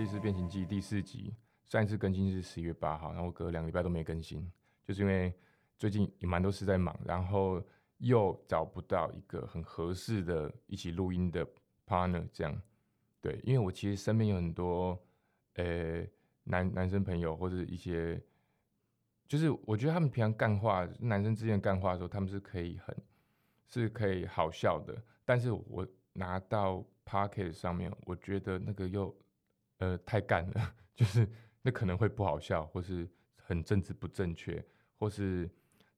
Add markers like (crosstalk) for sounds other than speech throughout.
《設計師變形記》第四集，上一次更新是十一月八號，然後我隔兩個禮拜都沒更新，就是因為最近也蠻多事在忙，然後又找不到一個很合適的一起錄音的 partner 這樣。對，因為我其實身邊有很多誒、欸、男男生朋友或者一些，就是我覺得他們平常幹話，男生之間幹話的時候，他們是可以很是可以好笑的，但是我拿到 Pocket 上面，我覺得那個又。呃，太乾了，就是那可能會不好笑，或是很政治不正確，或是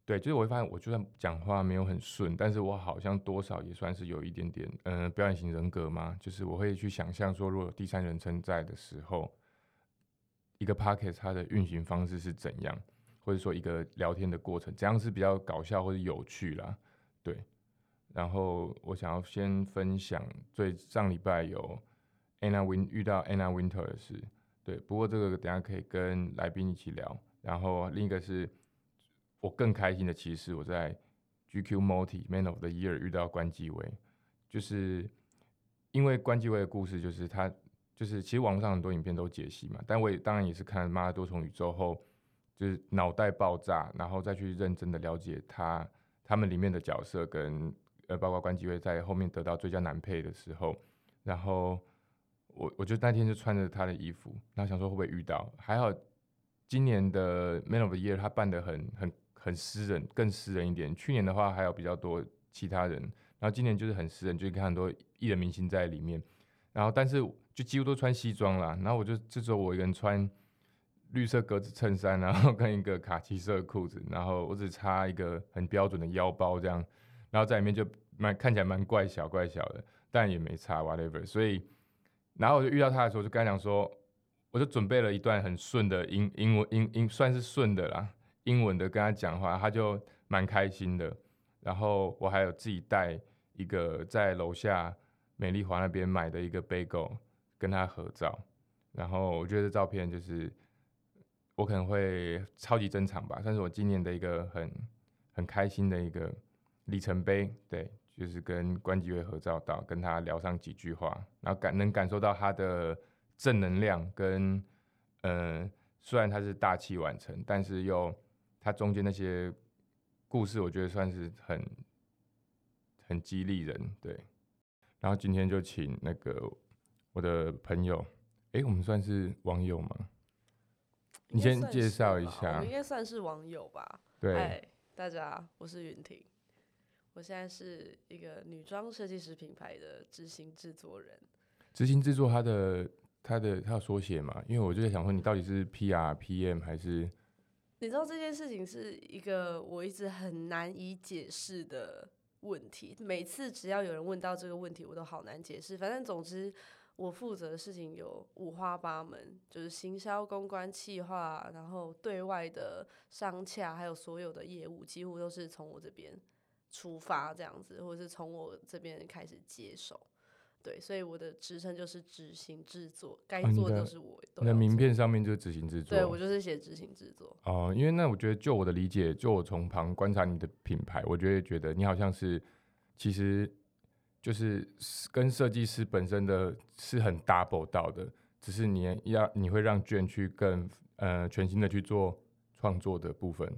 對，就是我會發現，我就算講話沒有很順，但是我好像多少也算是有一點點，嗯、呃，表演型人格嘛，就是我會去想象說，如果有第三人稱在的時候，一個 podcast 它的運行方式是怎樣，或者說一個聊天的過程怎樣是比較搞笑或者有趣啦，對。然後我想要先分享，最上禮拜有。Anna Win 遇到 Anna Winter 的事，對，不過這個等下可以跟來賓一起聊。然後另一個是我更開心的，其實我在 GQ Multi Man of the Year 遇到關繼威，就是因為關繼威的故事，就是他就是其實網絡上很多影片都解析嘛，但我也當然也是看了《媽媽多重宇宙》後，就是腦袋爆炸，然後再去認真的了解他他們裡面的角色跟呃，包括關繼威在後面得到最佳男配的時候，然後。我我就那天就穿着他的衣服，然後想說會不會遇到。還好今年的 Man of the Year 他辦得很很很私人，更私人一點。去年的話還有比較多其他人，然後今年就是很私人，就看很多藝人明星在裡面。然後但是就幾乎都穿西裝啦，然後我就這時候我一個人穿綠色格子襯衫，然後跟一個卡其色的褲子，然後我只插一個很標準的腰包這樣，然後在裡面就蠻看起來蠻怪小怪小的，但也沒差 whatever，所以。然後我就遇到他的時候，我就跟他講說，我就準備了一段很順的英文英文英英算是順的啦，英文的跟他講話，他就蠻開心的。然後我還有自己帶一個在樓下美麗華那邊買的一個貝果，跟他合照。然後我覺得這照片就是我可能會超級珍藏吧，算是我今年的一個很很開心的一個里程碑，對。就是跟關繼威合照到，到跟他聊上幾句話，然後感能感受到他的正能量跟、跟呃雖然他是大器晚成，但是又他中間那些故事，我覺得算是很很激勵人。對，然後今天就請那個我的朋友，哎、欸，我們算是網友嗎？你先介紹一下，我應該算是網友吧？對，hey, 大家，我是芸庭。我現在是一個女裝設計師品牌的執行製作人。執行製作，它的它的它有縮寫嘛？因為我就在想問你到底是 PR、PM 還是？你知道這件事情是一個我一直很難以解釋的問題。每次只要有人問到這個問題，我都好難解釋。反正總之，我負責的事情有五花八門，就是行銷、公關、企劃，然後對外的商洽，還有所有的業務，幾乎都是從我這邊。出發這樣子，或者是從我這邊開始接手，對，所以我的職稱就是執行製作，該做的都是我都的。那、啊、名片上面就是執行製作，對我就是寫執行製作。哦，因為那我覺得，就我的理解，就我從旁觀察你的品牌，我覺得覺得你好像是，其實就是跟設計師本身的是很 double 到的，只是你要你會讓 Jenn 去更呃全新的去做創作的部分。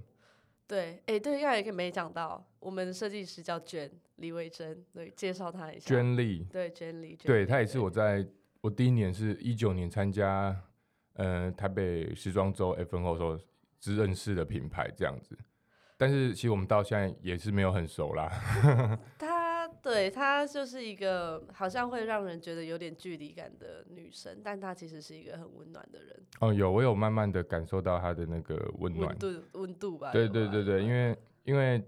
對，哎、欸，對，剛才也可以沒講到，我們設計師叫 Jenn，李維珍，對，介紹他一下。Jenn Lee，對，Jenn Lee，對，她也是我在對我第一年是一九年參加呃台北時裝周 FNO 時認識的品牌這樣子，但是其實我們到現在也是沒有很熟啦。 (laughs) (laughs) 對，她就是一個好像會讓人覺得有點距離感的女生，但她其實是一個很溫暖的人。哦，有我有慢慢的感受到她的那個溫暖，溫度，溫度吧？對對對對，嗯、因為因為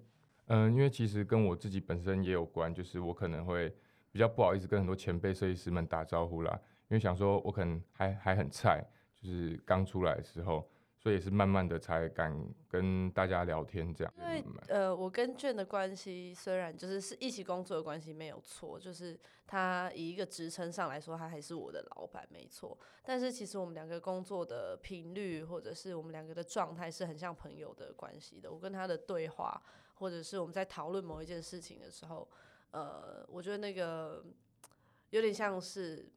嗯、呃，因為其實跟我自己本身也有關，就是我可能會比較不好意思跟很多前輩設計師們打招呼啦，因為想說我可能還還很菜，就是剛出來的時候。所以是慢慢的才敢跟大家聊天這樣。因為呃，我跟 Jenn 的關係雖然就是是一起工作的關係沒有錯，就是他以一個職稱上來說，他還是我的老闆沒錯。但是其實我們兩個工作的頻率，或者是我們兩個的狀態是很像朋友的關係的。我跟他的對話，或者是我們在討論某一件事情的時候，呃，我覺得那個有點像是。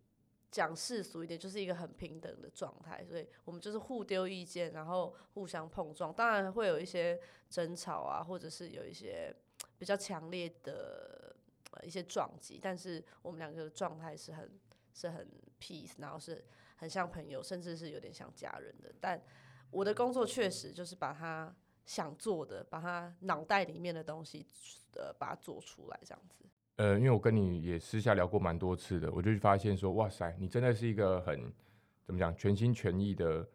講世俗一點，就是一個很平等的狀態，所以我們就是互丟意見，然後互相碰撞，當然會有一些爭吵啊，或者是有一些比較強烈的一些撞擊，但是我們兩個的狀態是很是很 peace，然後是很像朋友，甚至是有點像家人的。但我的工作確實就是把他想做的，把他腦袋裡面的東西，呃，把它做出來這樣子。呃，因為我跟你也私下聊過蠻多次的，我就發現說，哇塞，你真的是一個很怎麼講，全心全意的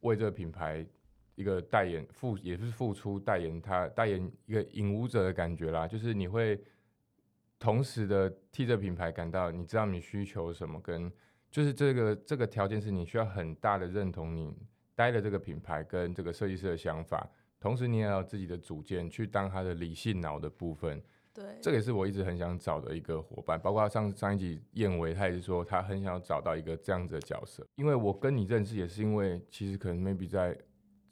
為這個品牌一個代言付，也是付出代言他，他代言一個引舞者的感覺啦，就是你會同時的替這個品牌感到，你知道你需求什麼，跟就是這個這個條件是你需要很大的認同你待的這個品牌跟這個設計師的想法，同時你也有自己的主見去當他的理性腦的部分。對，這個也是我一直很想找的一個夥伴。包括上上一集燕維，他也是說他很想要找到一個這樣子的角色。因為我跟你認識也是因為，其實可能 maybe 在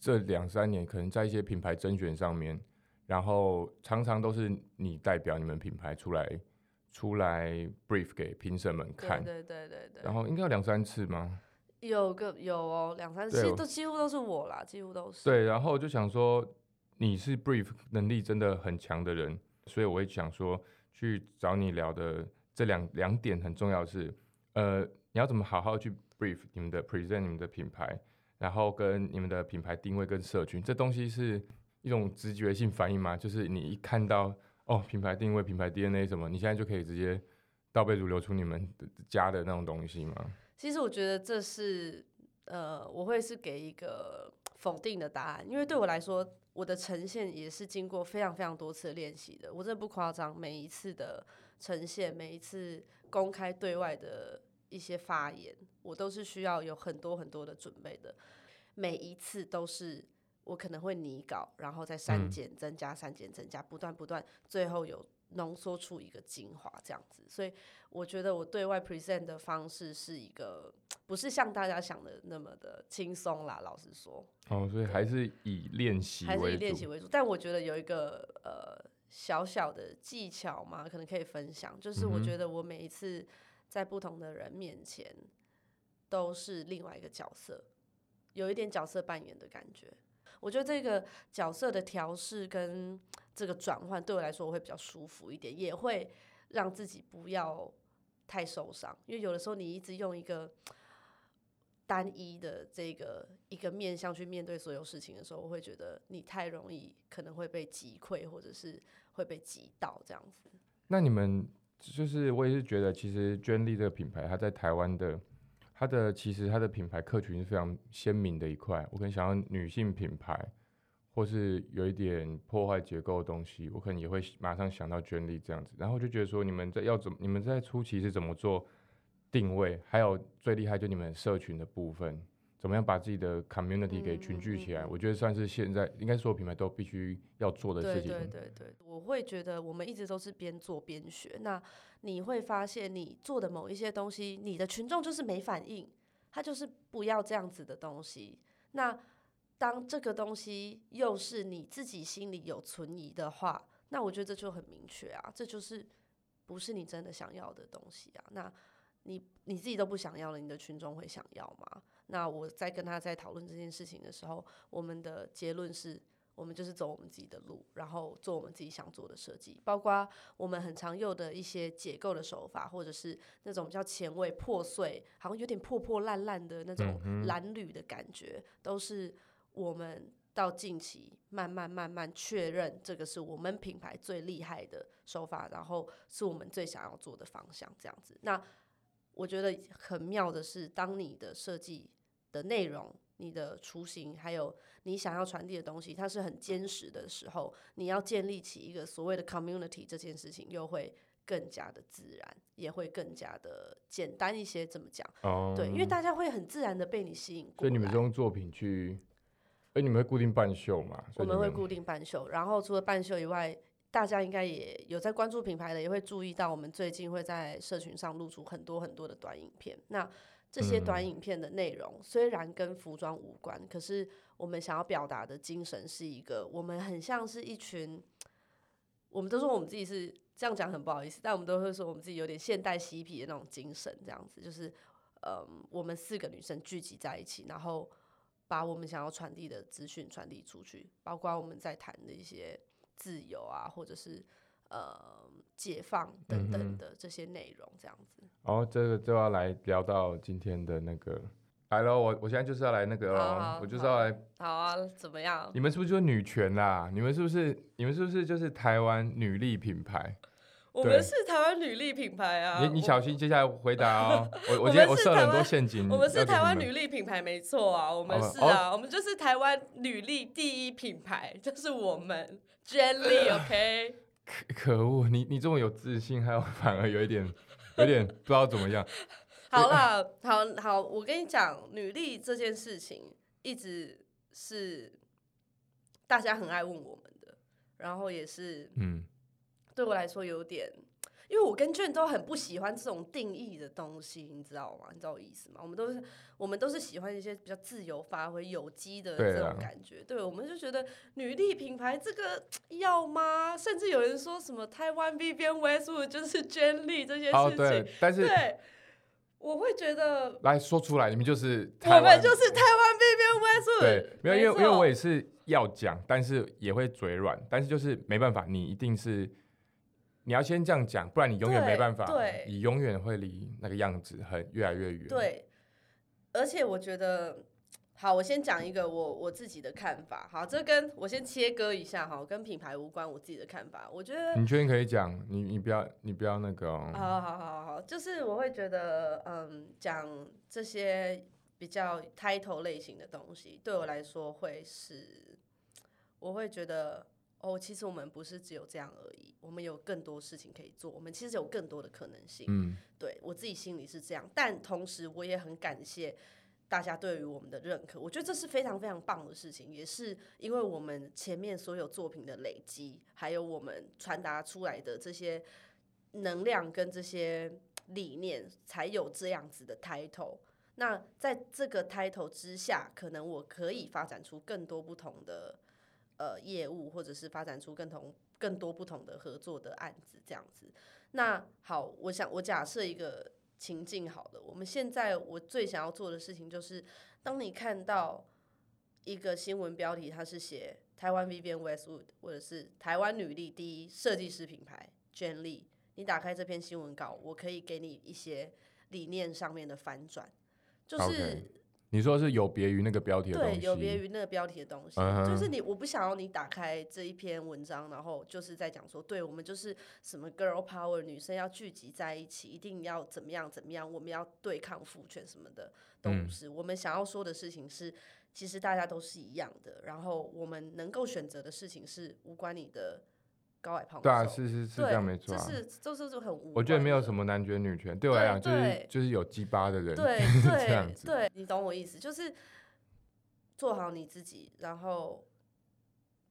這兩三年，可能在一些品牌甄選上面，然後常常都是你代表你們品牌出來出來 brief 給評審們看。對對對對對。然後應該有兩三次嗎？有個有哦，兩三次對都幾乎都是我啦，幾乎都是。對，然後就想說你是 brief 能力真的很強的人。所以我會想說，去找你聊的這兩兩點很重要是，呃，你要怎麼好好去 brief 你們的 present 你們的品牌，然後跟你們的品牌定位跟社群，這東西是一種直覺性反應嗎？就是你一看到哦，品牌定位、品牌 DNA 什麼，你現在就可以直接倒背如流出你們的家的那種東西嗎？其實我覺得這是，呃，我會是給一個。否定的答案，因為對我來說，我的呈現也是經過非常非常多次練習的。我真的不誇張，每一次的呈現，每一次公開對外的一些發言，我都是需要有很多很多的準備的。每一次都是我可能會擬稿，然後再刪減、增加、刪減、增加，不斷不斷，最後有。濃縮出一個精華這樣子，所以我覺得我對外 present 的方式是一個不是像大家想的那麼的輕鬆啦，老實說。哦，所以還是以練習，還是以練習為主。但我覺得有一個呃小小的技巧嘛，可能可以分享，就是我覺得我每一次在不同的人面前都是另外一個角色，有一點角色扮演的感覺。我覺得這個角色的調試跟這個轉換對我來說，我會比較舒服一點，也會讓自己不要太受傷。因為有的時候你一直用一個單一的這個一個面向去面對所有事情的時候，我會覺得你太容易可能會被擊潰，或者是會被擊倒這樣子。那你們就是我也是覺得，其實 Jenn Lee 這個品牌它在台灣的。它的其實它的品牌客群是非常鮮明的一塊，我可能想到女性品牌，或是有一點破壞結構的東西，我可能也會馬上想到 Jenn Lee 這樣子，然後就覺得說你們在要怎，你們在初期是怎麼做定位，還有最厲害就是你們社群的部分？怎麼樣把自己的 community 給群聚起來？嗯嗯，我覺得算是現在應該所有品牌都必須要做的事情。對對對對，我會覺得我們一直都是邊做邊學。那你會發現，你做的某一些東西，你的群眾就是沒反應，他就是不要這樣子的東西。那當這個東西又是你自己心裡有存疑的話，那我覺得這就很明確啊，這就是不是你真的想要的東西啊？那你你自己都不想要了，你的群眾會想要嗎？那我在跟他在討論這件事情的時候，我們的結論是，我們就是走我們自己的路，然後做我們自己想做的設計，包括我們很常用的一些解構的手法，或者是那種比較前衛、破碎，好像有點破破爛爛的那種襤褸的感覺，嗯哼，都是我們到近期慢慢慢慢確認，這個是我們品牌最厲害的手法，然後是我們最想要做的方向，這樣子。那我覺得很妙的是，當你的設計的內容、你的雛形，還有你想要傳遞的東西，它是很堅實的時候，你要建立起一個所謂的 community 這件事情，又會更加的自然，也會更加的簡單一些。怎麼講？Um, 對，因為大家會很自然的被你吸引。所以你們就用作品去、欸，你們會固定辦秀嘛？們我們會固定辦秀，然後除了辦秀以外，大家應該也有在關注品牌的，也會注意到我們最近會在社群上露出很多很多的短影片。那這些短影片的內容雖然跟服裝無關，可是我們想要表達的精神是一個，我們很像是一群，我們都說我們自己是這樣講很不好意思，但我們都會說我們自己有點現代嬉皮的那種精神，這樣子就是，嗯、呃，我們四個女生聚集在一起，然後把我們想要傳遞的資訊傳遞出去，包括我們在談的一些自由啊，或者是呃。解放等等的這些內容，這樣子、嗯。哦，這個就要來聊到今天的那個來了我我現在就是要來那個，啊、我就是要來好、啊，好啊，怎麼樣？你們是不是女權啦？你們是不是你們是不是就是台灣女力品牌？我們是台灣女力品牌啊！對你你小心我 接下來回答哦。 (laughs) 我我今天我設了很多陷阱，我們是台灣女力品牌，沒錯啊！我們是啊，哦、我們就是台灣女力第一品牌，就是我們 Jenn Lee，OK。 (laughs) 可可惡，你你這麼有自信，還有反而有一點，有點不知道怎麼樣。 (laughs) 好了、啊啊，好好，我跟你講，履歷這件事情，一直是大家很愛問我們的，然後也是，嗯，對我來說有點。因為我跟 Jenn 都很不喜歡這種定義的東西，你知道嗎？你知道我意思嗎？我們都是我們都是喜歡一些比較自由發揮、有機的這種感覺。對，啦對，我們就覺得女力品牌這個要嗎？甚至有人說什麼台灣 Vivienne Westwood 就是 Jenn Lee 這些事情。哦，對，但是對，我會覺得來說出來，你們就是我們就是台灣 Vivienne Westwood。對，沒有，因為錯因為我也是要講，但是也會嘴軟，但是就是沒辦法，你一定是。你要先這樣講，不然你永遠沒辦法，對，對，你永遠會離那個樣子很越來越遠。對，而且我覺得，好，我先講一個我我自己的看法。好，這跟我先切割一下哈，跟品牌無關，我自己的看法。我覺得你確定可以講，你你不要你不要那個哦。好好好好好，就是我會覺得，嗯，講這些比較 title 類型的東西，對我來說會是，我會覺得。哦，其實我們不是只有這樣而已，我們有更多事情可以做，我們其實有更多的可能性。嗯，對，我自己心裡是這樣，但同時我也很感謝大家對於我們的認可，我覺得這是非常非常棒的事情，也是因為我們前面所有作品的累積，還有我們傳達出來的這些能量跟這些理念，才有這樣子的 title。那在這個 title 之下，可能我可以發展出更多不同的。呃，業務或者是發展出更同、更多不同的合作的案子這樣子。那好，我想我假設一個情境，好了，我們現在我最想要做的事情就是，當你看到一個新聞標題，它是寫“台灣 Vivienne Westwood” 或者是“台灣女力第一設計師品牌 Jenn Lee”，你打開這篇新聞稿，我可以給你一些理念上面的反轉，就是。Okay. 你說是有別於那個標題的東西，對，有別於那個標題的東西，uh huh、就是你，我不想要你打開這一篇文章，然後就是在講說，對我們就是什麼 girl power，女生要聚集在一起，一定要怎麼樣怎麼樣，我們要對抗父權什麼的都不是，嗯、我們想要說的事情是，其實大家都是一樣的，然後我們能夠選擇的事情是無關你的。高矮胖瘦，對啊，是是是，是這樣沒錯，啊，就是就是就很無。我覺得沒有什麼男權女權，對我來講就是就是有雞巴的人對是這樣子對，對，你懂我意思，就是做好你自己，然後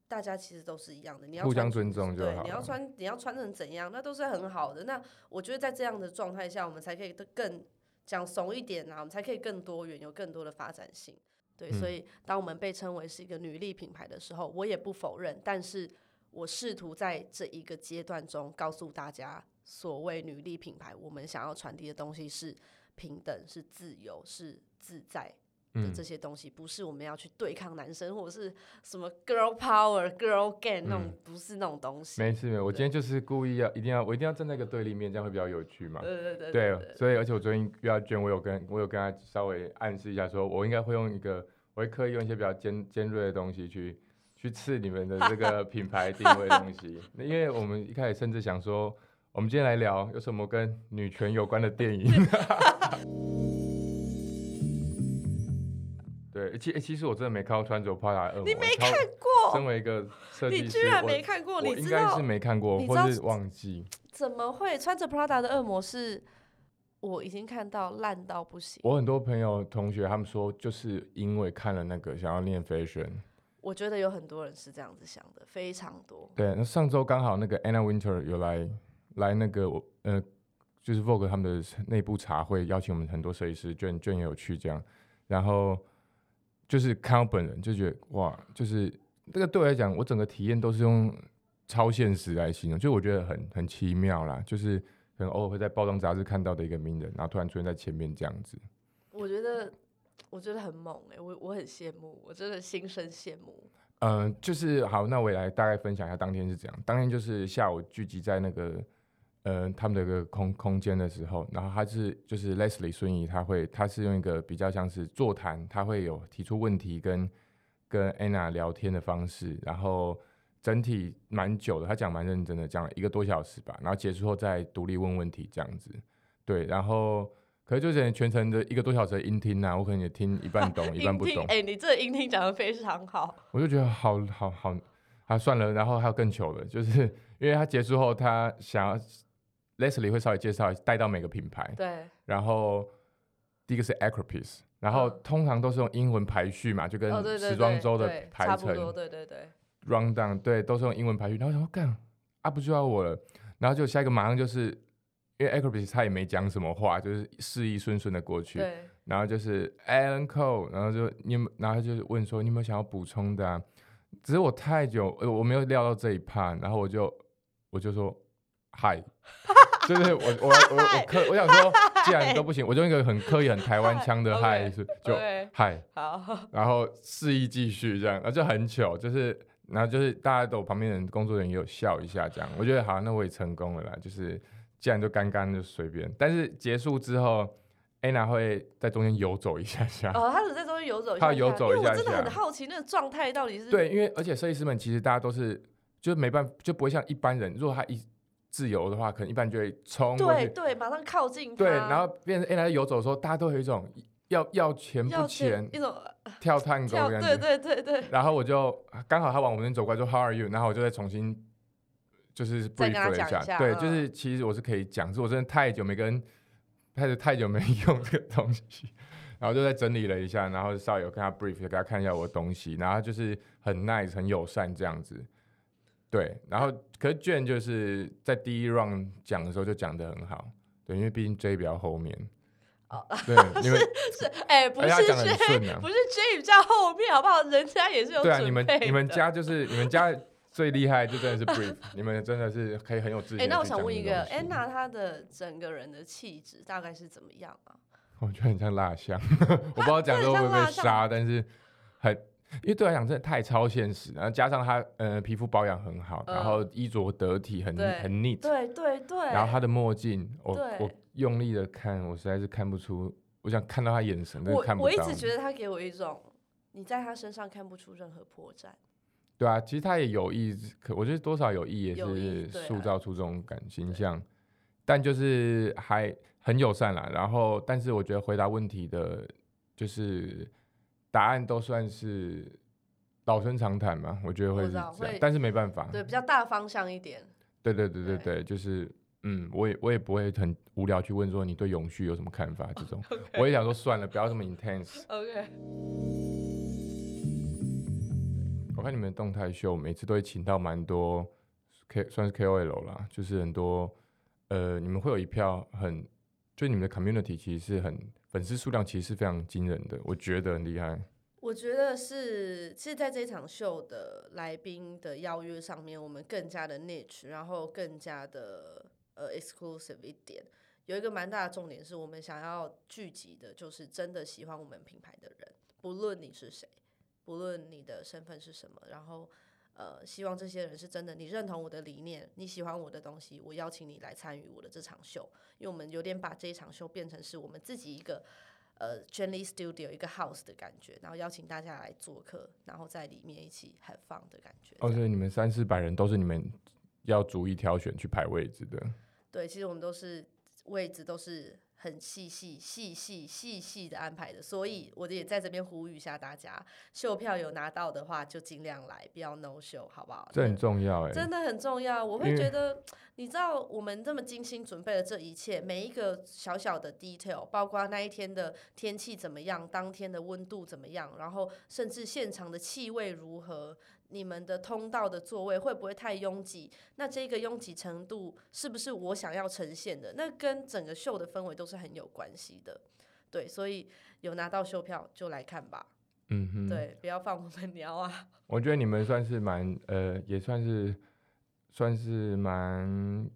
大家其實都是一樣的。你要互相尊重就好。你要穿你要穿成怎樣，那都是很好的。那我覺得在這樣的狀態下，我們才可以更講慫一點啊，我們才可以更多元，有更多的發展性。對，嗯、所以當我們被稱為是一個女力品牌的時候，我也不否認，但是。我試圖在這一個階段中告訴大家，所謂女力品牌，我們想要傳遞的東西是平等、是自由、是自在的這些東西，嗯、不是我們要去對抗男生或者是什麼 girl power girl game,、嗯、girl gang 那種，不是那種東西。沒事，沒錯。我今天就是故意要，對一定要，我一定要站在一個對立面，這樣會比較有趣嘛？對對對，對。對，所以而且我昨天遇到娟，我有跟我有跟她稍微暗示一下說，說我應該會用一個，我會刻意用一些比較尖尖銳的東西去。去刺你們的這個品牌定位東西， (laughs) 因為我們一開始甚至想說，我們今天來聊有什麼跟女權有關的電影。是 (laughs) (laughs) 對，其，欸、其實我真的沒看過《穿着 Prada 的惡魔》，你沒看過？身為一個設計師，你居然沒看過？我應該是沒看過，或是忘記？怎麼會？穿着 Prada 的惡魔是我已經看到爛到不行。我很多朋友同學他們說，就是因為看了那個，想要練 fashion。我覺得有很多人是這樣子想的，非常多。對，那上周剛好那個 Anna Winter 有來來那個呃，就是 Vogue 他們的內部茶會，邀請我們很多設計師，卷卷也有去這樣。然後就是看我本人，就覺得哇，就是這、那個對我來講，我整個體驗都是用超現實來形容，就我覺得很很奇妙啦，就是可能偶爾會在報章雜誌看到的一個名人，然後突然出現在前面這樣子。我覺得。我覺得很猛哎、欸，我我很羨慕，我真的心生羨慕。嗯、呃，就是好，那我也來大概分享一下當天是怎樣。當天就是下午聚集在那個，呃，他們的一個空空間的時候，然後他是就是 Leslie 孫怡，他會他是用一個比較像是座談，他會有提出問題跟跟 Anna 聊天的方式，然後整體蠻久的，他講蠻認真的，講了一個多小時吧，然後結束後再獨立問問題這樣子，對，然後。可是就是全程的一個多小時的音聽吶、啊，我可能也聽一半懂， (laughs) 一半不懂。哎、欸，你這個音聽講的非常好。我就覺得好好好，啊算了，然後還有更糗的，就是因為他結束後，他想要 Leslie 會稍微介紹帶到每個品牌。對。然後第一個是 Acropolis，然後通常都是用英文排序嘛，嗯、就跟時裝周的排程、哦對對對對，對對對。Run down，對，都是用英文排序。然後想幹、哦、啊，不需要我了。然後就下一個，馬上就是。因為 Acrobus 他也沒講什麼話，就是示意順順的過去，對然後就是 Allen Ko，然後就你有有，然後就是問說你有沒有想要補充的？啊，只是我太久，呃，我沒有料到這一趴，然後我就我就說 Hi，就是我我我我，我可我想說既然都不行，我就一個很刻意、很台灣腔的 Hi，就 Hi 好，然後示意繼續這樣，而就很糗，就是然後就是大家都旁邊的人工作人員也有笑一下這樣。我覺得好像那我也成功了啦，就是。既然就幹幹就隨便，但是結束之後，Anna 會在中間遊走一下下。哦，她只在中間遊走一下下，她遊走一下下。因為我真的很好奇下下那個狀態到底是。對，因為而且設計師們其實大家都是，就是沒辦法，就不會像一般人。如果她一自由的話，可能一般人就會衝。對對，馬上靠近。對，然後變成 Anna 在遊走的時候，大家都有一種要要錢不錢、錢一種跳探戈的感覺。對對對對。然後我就剛好她往我們這邊走過來說，說 How are you？然後我就再重新。就是 brief 一下，一下對，就是其實我是可以講，哦、是我真的太久沒跟，太久太久沒用這個東西，然後就在整理了一下，然後稍微有跟他 brief，給他看一下我的東西，然後就是很 nice、很友善這樣子，對，然後可是 Jenn 就是在第一 round 講的時候就講的很好，對，因為畢竟 J 比較後面，哦、對，你們 (laughs) 是哎，欸欸、不是 J 講的很順、啊、不是、J、比較後面好不好？人家也是有準備的對，你們你們家就是你們家。最厲害就真的是 brief，你們真的是可以很有自信。那我想問一個，安娜她的整個人的氣質大概是怎麼樣啊？我覺得很像蠟像，我不知道講這個會不會被殺，但是很因為對我來講真的太超現實，然後加上她呃皮膚保養很好，然後衣着得體，很很 neat，對對對。然後她的墨鏡，我我用力的看，我實在是看不出，我想看到她眼神，但是看不到，我我一直覺得她給我一種，你在她身上看不出任何破綻。對啊，其實他也有意，可我覺得多少有意也是塑造出這種感形象，啊、但就是還很友善啦。然後，但是我覺得回答問題的，就是答案都算是老生常談嘛，我覺得會是這樣，但是沒辦法，對，比較大方向一點。對對對對對，對就是嗯，我也我也不會很無聊去問說你對永續有什麼看法這種， (laughs) Okay. 我也想說算了，不要這麼 intense。 (laughs) OK。看你們動態秀，每次都會請到蠻多 K，算是 KOL 啦，就是很多呃，你們會有一票很，就你們的 community 其實是很粉絲數量其實是非常驚人的，我覺得很厲害。我覺得是，其實在這一場秀的來賓的邀約上面，我們更加的 niche，然後更加的呃 exclusive 一點。有一個蠻大的重點是，我們想要聚集的就是真的喜歡我們品牌的人，不論你是誰。不論你的身份是什麼，然後，呃，希望這些人是真的，你認同我的理念，你喜歡我的東西，我邀請你來參與我的這場秀，因為我們有點把這一場秀變成是我們自己一個，呃，Jenn Lee Studio 一個 House 的感覺，然後邀請大家來做客，然後在裡面一起 have fun 的感覺。而且、哦、你們三四百人都是你們要逐一挑選去排位置的。對，其實我們都是位置都是。很細細細細細細的安排的，所以我也在這邊呼籲一下大家，秀票有拿到的話就儘量來，不要 no show，好不好？這很重要哎、欸，真的很重要。我會覺得，因為你知道我們這麼精心準備了這一切，每一個小小的 detail，包括那一天的天氣怎麼樣，當天的溫度怎麼樣，然後甚至現場的氣味如何。你們的通道的座位會不會太擁擠？那這個擁擠程度是不是我想要呈現的？那跟整個秀的氛圍都是很有關係的。對，所以有拿到秀票就來看吧。嗯哼，對，不要放我們鳥啊！我覺得你們算是蠻呃，也算是算是蠻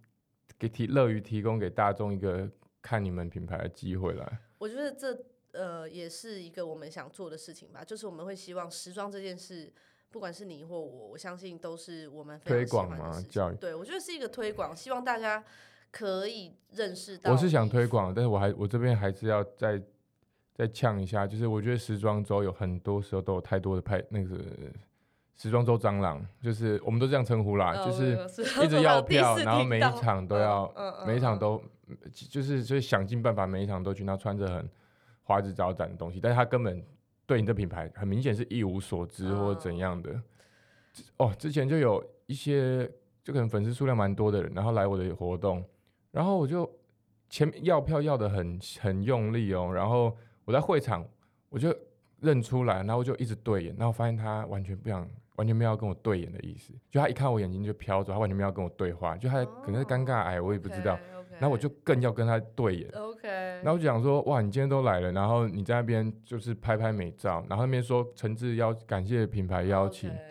給提樂於提供給大眾一個看你們品牌的機會啦。我覺得這呃也是一個我們想做的事情吧，就是我們會希望時裝這件事。不管是你或我，我相信都是我們非常的推廣嘛，教育。對，我覺得是一個推廣，嗯、希望大家可以認識到。我是想推廣，服但是我還我這邊還是要再再嗆一下，就是我覺得時裝周有很多時候都有太多的拍那個時裝周蟑螂，就是我們都這樣稱呼啦，哦、就是一直要票，然後，然後每一場都要，嗯嗯、每一場都、嗯、就是就想盡辦法，每一場都去那穿着很花枝招展的東西，但是他根本。對你的品牌很明顯是一無所知或怎樣的，oh. 哦，之前就有一些就可能粉絲數量蠻多的人，然後來我的活動，然後我就前面要票要得很很用力哦，然後我在會場，我就認出來，然後我就一直對眼，然後發現他完全不想，完全沒有要跟我對眼的意思，就他一看我眼睛就飄着，他完全沒有要跟我對話，就他可能是尷尬哎，oh. 我也不知道。Okay. 那我就更要跟他對眼。OK。那我就想說，哇，你今天都來了，然後你在那邊就是拍拍美照，然後那邊說誠摯邀，感謝品牌邀請，Okay.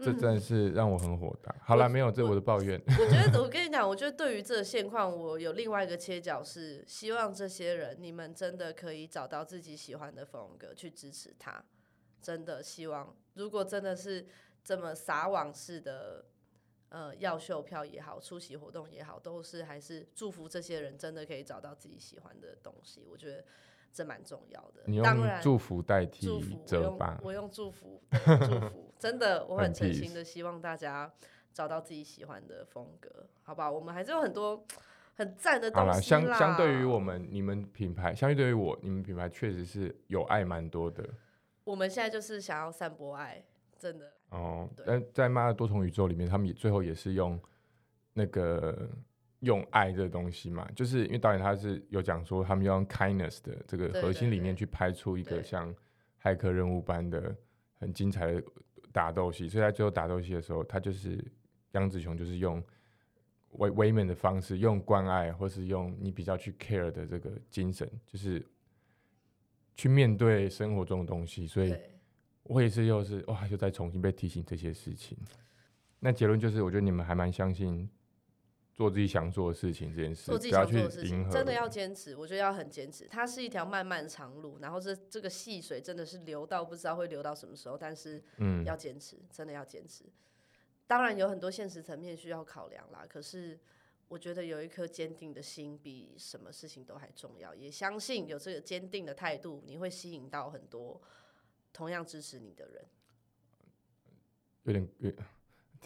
嗯、這真是讓我很火大。好啦，沒有我這我的抱怨我。我, (laughs) 我覺得我跟你講，我覺得對於這個現況，我有另外一個切角是，希望這些人你們真的可以找到自己喜歡的風格去支持他。真的希望，如果真的是這麼撒網式的。呃，要秀票也好，出席活動也好，都是還是祝福這些人真的可以找到自己喜歡的東西。我覺得這蠻重要的。你用當然，祝福代替祝福。我用我用祝福，祝福， (laughs) 真的，我很誠心的希望大家找到自己喜歡的風格，好吧好？我們還是有很多很讚的東西啦。好啦相相對於我們，你們品牌相對於我，你們品牌確實是有愛蠻多的。我們現在就是想要散播愛，真的。哦，對但在《媽的多重宇宙》裡面，他們也最後也是用那個用愛這個東西嘛，就是因為導演他是有講說，他們用 kindness 的這個核心裡面去拍出一個像駭客任務般的很精彩的打鬥戲，對對對所以，在最後打鬥戲的時候，他就是楊紫瓊就是用 women 的方式，用關愛或是用你比較去 care 的這個精神，就是去面對生活中的東西，所以。我也是，又是哇，又在重新被提醒這些事情。那結論就是，我覺得你們還蠻相信做自己想做的事情這件事。做自己想做的事情，我真的要堅持。我覺得要很堅持，它是一條漫漫長路。然後這這個細水真的是流到不知道會流到什麼時候，但是嗯，要堅持，真的要堅持。當然有很多現實層面需要考量啦。可是我覺得有一顆堅定的心比什麼事情都還重要。也相信有這個堅定的態度，你會吸引到很多。同樣支持你的人，有點，有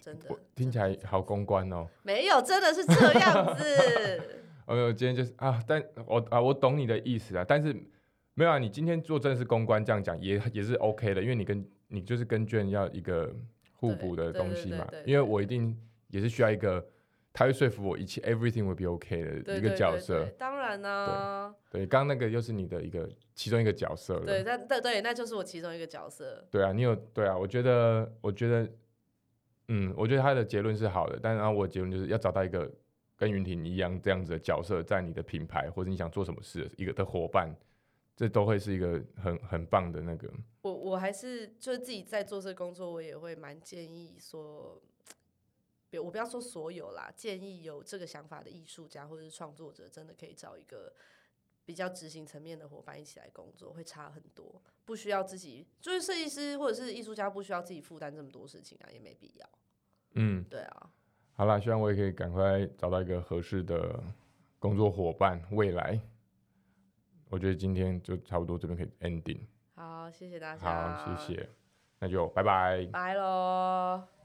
真的聽，我聽起來好公關哦。沒有，真的是這樣子。哦，呦，今天就是啊，但我啊，我懂你的意思啊，但是沒有啊，你今天做真的是公關，這樣講也也是 OK 的，因為你跟你就是跟 Jenn 要一個互補的東西嘛，因為我一定也是需要一個。他會說服我一切，everything will be o、okay、k 的一個角色。對對對對，當然呢、啊，對，剛剛那個又是你的一個其中一個角色對，那那對，對，那就是我其中一個角色。對啊，你有對啊，我覺得，我覺得，嗯，我覺得他的結論是好的，但然後我的結論就是要找到一個跟芸庭一樣這樣子的角色，在你的品牌或者你想做什麼事一個的夥伴，這都會是一個很很棒的那個。我我還是就是自己在做這工作，我也會蠻建議說。別我不要說所有啦，建議有這個想法的藝術家或者是創作者，真的可以找一個比較執行層面的夥伴一起來工作，會差很多。不需要自己就是設計師或者是藝術家，不需要自己負擔這麼多事情啊，也沒必要。嗯，對啊。好啦，希望我也可以趕快找到一個合適的工作夥伴。未來，我覺得今天就差不多這邊可以 ending。好，謝謝大家，好，謝謝，那就拜拜，拜嘍。